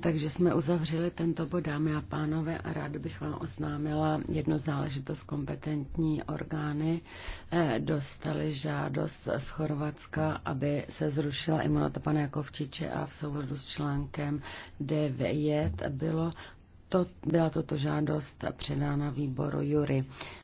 Takže jsme uzavřeli tento bod, dámy a pánové, a rád bych vám oznámila jednu záležitost. Kompetentní orgány eh, dostali žádost z Chorvatska, aby se zrušila imunita pana Jakovčiče a v souladu s článkem 9 bylo to, byla toto žádost předána výboru Jury.